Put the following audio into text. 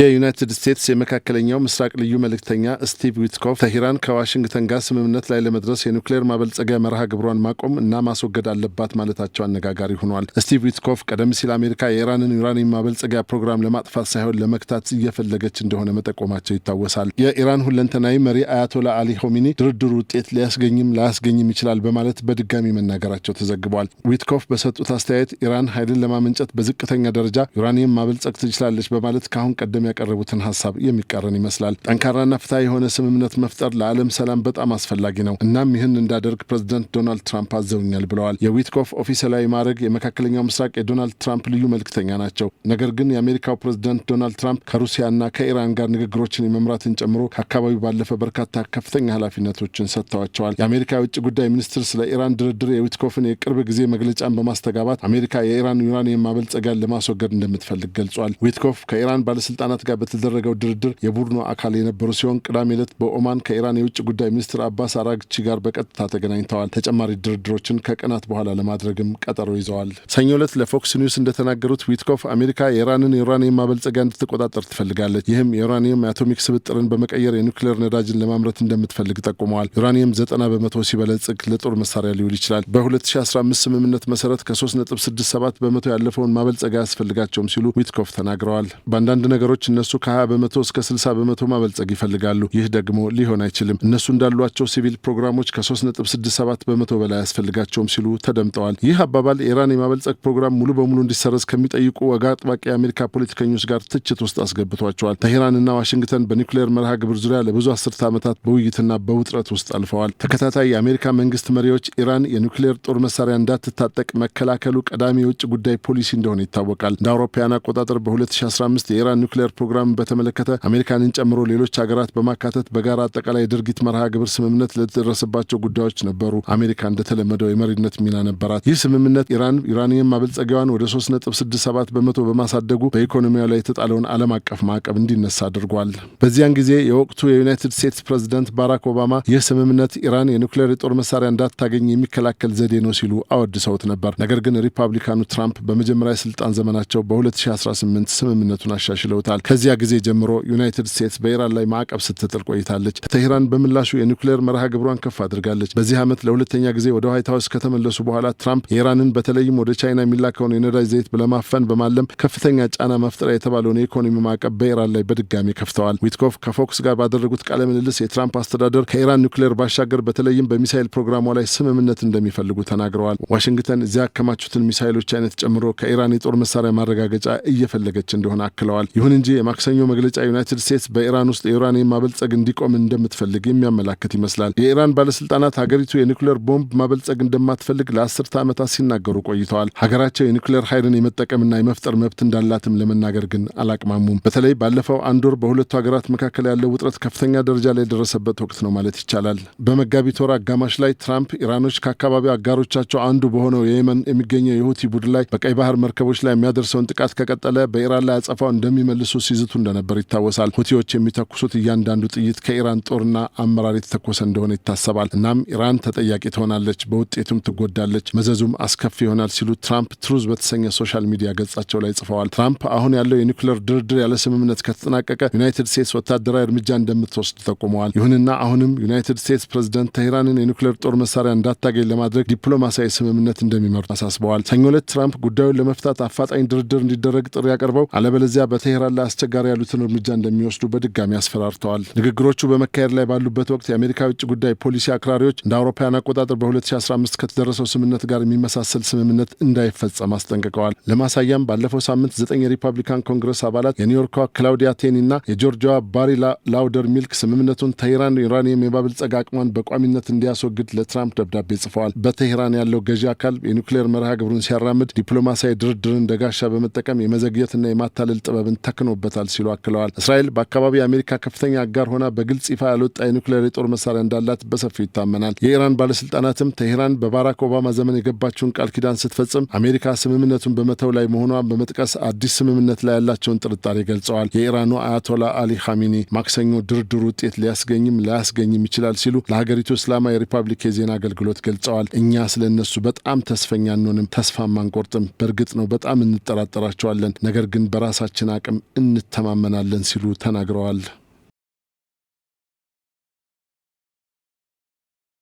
የዩናይትድ ስቴትስ የመካከለኛው ምስራቅ ልዩ መልእክተኛ ስቲቭ ዊትኮፍ ተሂራን ከዋሽንግተን ጋር ስምምነት ላይ ለመድረስ የኒውክሌር ማበልጸጊያ መርሃ ግብሯን ማቆም እና ማስወገድ አለባት ማለታቸው አነጋጋሪ ሆኗል። ስቲቭ ዊትኮፍ ቀደም ሲል አሜሪካ የኢራንን ዩራኒየም ማበልጸጊያ ፕሮግራም ለማጥፋት ሳይሆን ለመክታት እየፈለገች እንደሆነ መጠቆማቸው ይታወሳል። የኢራን ሁለንተናዊ መሪ አያቶላ አሊ ሆሚኒ ድርድር ውጤት ሊያስገኝም ላያስገኝም ይችላል በማለት በድጋሚ መናገራቸው ተዘግቧል። ዊትኮፍ በሰጡት አስተያየት ኢራን ኃይልን ለማመንጨት በዝቅተኛ ደረጃ ዩራኒየም ማበልጸግ ትችላለች በማለት ከአሁን ቀደም የሚያቀርቡትን ሀሳብ የሚቃረን ይመስላል። ጠንካራና ፍትሐ የሆነ ስምምነት መፍጠር ለዓለም ሰላም በጣም አስፈላጊ ነው። እናም ይህን እንዳደርግ ፕሬዚደንት ዶናልድ ትራምፕ አዘውኛል ብለዋል። የዊትኮፍ ኦፊሴላዊ ማድረግ የመካከለኛው ምስራቅ የዶናልድ ትራምፕ ልዩ መልክተኛ ናቸው። ነገር ግን የአሜሪካው ፕሬዚደንት ዶናልድ ትራምፕ ከሩሲያና ከኢራን ጋር ንግግሮችን የመምራትን ጨምሮ ከአካባቢው ባለፈ በርካታ ከፍተኛ ኃላፊነቶችን ሰጥተዋቸዋል። የአሜሪካ የውጭ ጉዳይ ሚኒስትር ስለ ኢራን ድርድር የዊትኮፍን የቅርብ ጊዜ መግለጫን በማስተጋባት አሜሪካ የኢራን ዩራኒየም ማበልጸጊያን ለማስወገድ እንደምትፈልግ ገልጿል። ዊትኮፍ ከኢራን ባለስልጣናት ባለስልጣናት ጋር በተደረገው ድርድር የቡድኑ አካል የነበሩ ሲሆን ቅዳሜ ዕለት በኦማን ከኢራን የውጭ ጉዳይ ሚኒስትር አባስ አራግቺ ጋር በቀጥታ ተገናኝተዋል። ተጨማሪ ድርድሮችን ከቀናት በኋላ ለማድረግም ቀጠሮ ይዘዋል። ሰኞ ዕለት ለፎክስ ኒውስ እንደተናገሩት ዊትኮፍ አሜሪካ የኢራንን የዩራኒየም ማበልጸጊያ እንድትቆጣጠር ትፈልጋለች። ይህም የዩራኒየም የአቶሚክ ስብጥርን በመቀየር የኒውክሌር ነዳጅን ለማምረት እንደምትፈልግ ጠቁመዋል። ዩራኒየም ዘጠና በመቶ ሲበለጽግ ለጦር መሳሪያ ሊውል ይችላል። በ2015 ስምምነት መሰረት ከ3.67 በመቶ ያለፈውን ማበልጸጊያ ያስፈልጋቸውም ሲሉ ዊትኮፍ ተናግረዋል። በአንዳንድ ነገሮች ሰዎች እነሱ ከ20 በመቶ እስከ 60 በመቶ ማበልጸግ ይፈልጋሉ። ይህ ደግሞ ሊሆን አይችልም። እነሱ እንዳሏቸው ሲቪል ፕሮግራሞች ከ3.67 በመቶ በላይ አያስፈልጋቸውም ሲሉ ተደምጠዋል። ይህ አባባል ኢራን የማበልጸግ ፕሮግራም ሙሉ በሙሉ እንዲሰረዝ ከሚጠይቁ ወጋ አጥባቂ የአሜሪካ ፖለቲከኞች ጋር ትችት ውስጥ አስገብቷቸዋል። ተሄራንና ዋሽንግተን በኒውክሌር መርሃ ግብር ዙሪያ ለብዙ አስርተ ዓመታት በውይይትና በውጥረት ውስጥ አልፈዋል። ተከታታይ የአሜሪካ መንግስት መሪዎች ኢራን የኒውክሌር ጦር መሳሪያ እንዳትታጠቅ መከላከሉ ቀዳሚ የውጭ ጉዳይ ፖሊሲ እንደሆነ ይታወቃል። እንደ አውሮፓውያን አቆጣጠር በ2015 የኢራን ኒውክሌር የኒውዮርክ ፕሮግራም በተመለከተ አሜሪካንን ጨምሮ ሌሎች ሀገራት በማካተት በጋራ አጠቃላይ ድርጊት መርሃ ግብር ስምምነት ለተደረሰባቸው ጉዳዮች ነበሩ። አሜሪካ እንደተለመደው የመሪነት ሚና ነበራት። ይህ ስምምነት ኢራን ዩራኒየም ማበልጸጊያዋን ወደ 3.67 በመቶ በማሳደጉ በኢኮኖሚያ ላይ የተጣለውን ዓለም አቀፍ ማዕቀብ እንዲነሳ አድርጓል። በዚያን ጊዜ የወቅቱ የዩናይትድ ስቴትስ ፕሬዚደንት ባራክ ኦባማ ይህ ስምምነት ኢራን የኒውክሌር የጦር መሳሪያ እንዳታገኝ የሚከላከል ዘዴ ነው ሲሉ አወድሰውት ነበር። ነገር ግን ሪፐብሊካኑ ትራምፕ በመጀመሪያ የስልጣን ዘመናቸው በ2018 ስምምነቱን አሻሽለውታል። ከዚያ ጊዜ ጀምሮ ዩናይትድ ስቴትስ በኢራን ላይ ማዕቀብ ስትጥል ቆይታለች። ቴህራን በምላሹ የኒውክሌር መርሃ ግብሯን ከፍ አድርጋለች። በዚህ ዓመት ለሁለተኛ ጊዜ ወደ ዋይት ሀውስ ከተመለሱ በኋላ ትራምፕ የኢራንን በተለይም ወደ ቻይና የሚላከውን የነዳጅ ዘይት ለማፈን በማለም ከፍተኛ ጫና መፍጠሪያ የተባለውን የኢኮኖሚ ማዕቀብ በኢራን ላይ በድጋሚ ከፍተዋል። ዊትኮፍ ከፎክስ ጋር ባደረጉት ቃለ ምልልስ የትራምፕ አስተዳደር ከኢራን ኒውክሌር ባሻገር በተለይም በሚሳይል ፕሮግራሟ ላይ ስምምነት እንደሚፈልጉ ተናግረዋል። ዋሽንግተን እዚያ ያከማቹትን ሚሳይሎች አይነት ጨምሮ ከኢራን የጦር መሳሪያ ማረጋገጫ እየፈለገች እንደሆነ አክለዋል። ይሁን እንጂ የማክሰኞ መግለጫ ዩናይትድ ስቴትስ በኢራን ውስጥ የዩራኒየም ማበልጸግ እንዲቆም እንደምትፈልግ የሚያመላክት ይመስላል። የኢራን ባለስልጣናት ሀገሪቱ የኒኩሌር ቦምብ ማበልጸግ እንደማትፈልግ ለአስርተ ዓመታት ሲናገሩ ቆይተዋል። ሀገራቸው የኒኩሌር ኃይልን የመጠቀምና የመፍጠር መብት እንዳላትም ለመናገር ግን አላቅማሙም። በተለይ ባለፈው አንድ ወር በሁለቱ ሀገራት መካከል ያለው ውጥረት ከፍተኛ ደረጃ ላይ የደረሰበት ወቅት ነው ማለት ይቻላል። በመጋቢት ወር አጋማሽ ላይ ትራምፕ ኢራኖች ከአካባቢው አጋሮቻቸው አንዱ በሆነው የየመን የሚገኘው የሁቲ ቡድን ላይ በቀይ ባህር መርከቦች ላይ የሚያደርሰውን ጥቃት ከቀጠለ በኢራን ላይ አጸፋው እንደሚመልሱ ሲዝቱ እንደነበር ይታወሳል። ሁቲዎች የሚተኩሱት እያንዳንዱ ጥይት ከኢራን ጦርና አመራር የተተኮሰ እንደሆነ ይታሰባል። እናም ኢራን ተጠያቂ ትሆናለች፣ በውጤቱም ትጎዳለች፣ መዘዙም አስከፊ ይሆናል ሲሉ ትራምፕ ትሩዝ በተሰኘ ሶሻል ሚዲያ ገጻቸው ላይ ጽፈዋል። ትራምፕ አሁን ያለው የኒውክሌር ድርድር ያለ ስምምነት ከተጠናቀቀ ዩናይትድ ስቴትስ ወታደራዊ እርምጃ እንደምትወስድ ጠቁመዋል። ይሁንና አሁንም ዩናይትድ ስቴትስ ፕሬዝደንት ተሄራንን የኒውክሌር ጦር መሳሪያ እንዳታገኝ ለማድረግ ዲፕሎማሲያዊ ስምምነት እንደሚመርጡ አሳስበዋል። ሰኞ ዕለት ትራምፕ ጉዳዩን ለመፍታት አፋጣኝ ድርድር እንዲደረግ ጥሪ አቅርበው አለበለዚያ በቴሄራን ላይ አስቸጋሪ ያሉትን እርምጃ እንደሚወስዱ በድጋሚ አስፈራርተዋል። ንግግሮቹ በመካሄድ ላይ ባሉበት ወቅት የአሜሪካ የውጭ ጉዳይ ፖሊሲ አክራሪዎች እንደ አውሮፓውያን አቆጣጠር በ2015 ከተደረሰው ስምምነት ጋር የሚመሳሰል ስምምነት እንዳይፈጸም አስጠንቅቀዋል። ለማሳያም ባለፈው ሳምንት ዘጠኝ የሪፐብሊካን ኮንግረስ አባላት የኒውዮርኳ ክላውዲያ ቴኒ እና የጆርጂያዋ ባሪ ላውደር ሚልክ ስምምነቱን ተሄራን ዩራኒየም የማበልጸግ አቅሟን በቋሚነት እንዲያስወግድ ለትራምፕ ደብዳቤ ጽፈዋል። በቴሄራን ያለው ገዢ አካል የኒውክሌር መርሃ ግብሩን ሲያራምድ ዲፕሎማሲያዊ ድርድርን እንደጋሻ በመጠቀም የመዘግየትና የማታለል ጥበብን ተክኖ ሆኖበታል ሲሉ አክለዋል። እስራኤል በአካባቢ የአሜሪካ ከፍተኛ አጋር ሆና በግልጽ ይፋ ያልወጣ የኒውክሌር የጦር መሳሪያ እንዳላት በሰፊው ይታመናል። የኢራን ባለስልጣናትም ቴሄራን በባራክ ኦባማ ዘመን የገባችውን ቃል ኪዳን ስትፈጽም አሜሪካ ስምምነቱን በመተው ላይ መሆኗን በመጥቀስ አዲስ ስምምነት ላይ ያላቸውን ጥርጣሬ ገልጸዋል። የኢራኑ አያቶላ አሊ ኻሚኒ ማክሰኞ ድርድር ውጤት ሊያስገኝም ላያስገኝም ይችላል ሲሉ ለሀገሪቱ እስላማዊ ሪፐብሊክ የዜና አገልግሎት ገልጸዋል። እኛ ስለ እነሱ በጣም ተስፈኛ አንሆንም፣ ተስፋም አንቆርጥም። በእርግጥ ነው በጣም እንጠራጠራቸዋለን፣ ነገር ግን በራሳችን አቅም እንተማመናለን ሲሉ ተናግረዋል።